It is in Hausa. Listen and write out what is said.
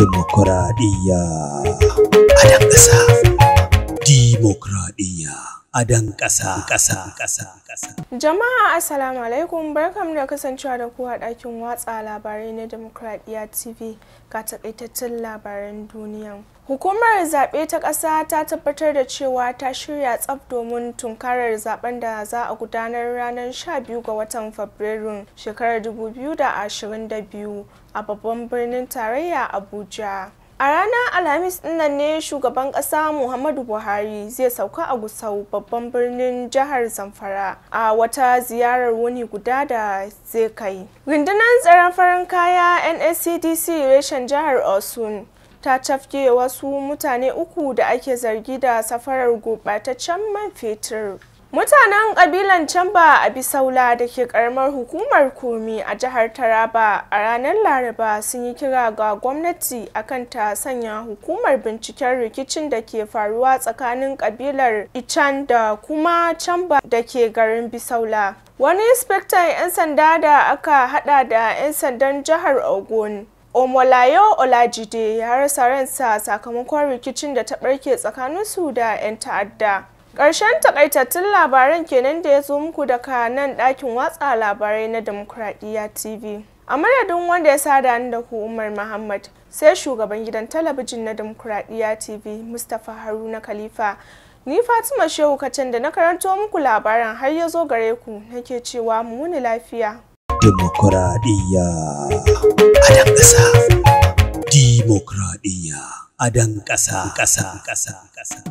dimokuraɗiyya a ƙasa. Adan ƙasa ƙasa ƙasa ƙasa. Jama'a Assalamu alaikum barkam da kasancewa da ku a ɗakin watsa labarai na Demokradiyya TV ga takaitattun labaran duniya. Hukumar zaɓe ta ƙasa ta tabbatar da cewa ta shirya tsaf domin tunkarar zaben da za a gudanar ranar 12 ga watan Fabrairun shekarar 2022 a babban birnin tarayya Abuja. A ranar Alhamis dinnan ne shugaban ƙasa Muhammadu Buhari zai sauka a Gusau babban birnin jihar Zamfara a wata ziyarar wuni guda da zai kai. Rundunar tsaron farin kaya NSCDC reshen jihar Osun ta cafke wasu mutane uku da ake zargi da safarar gurɓataccen man fetur. Mutanen kabilan Chamba a Bisaula da ke karamar hukumar Komi a jihar Taraba a ranar Laraba sun yi kira ga gwamnati akan ta sanya hukumar binciken rikicin da ke faruwa tsakanin kabilar Ichan da kuma Chamba da ke garin Bisaula. Wani inspector 'yan sanda da aka hada da 'yan sandan jihar Ogun Omolayo Olajide ya rasa ransa sakamakon rikicin da ta barke tsakaninsu da 'yan ta'adda. Ƙarshen takaitattun labaran kenan da ya zo muku daga nan ɗakin watsa labarai na Demokuraɗiyya TV. A madadin wanda ya sa ni da ku Umar Muhammad sai shugaban gidan talabijin na Demokuraɗiyya TV Mustapha Haruna Khalifa. Ni Fatima Shehu Kacan da na karanto muku labaran har ya zo gare ku nake cewa mu wuni lafiya. Demokuraɗiyya a dan ƙasa. Demokuraɗiyya a dan ƙasa.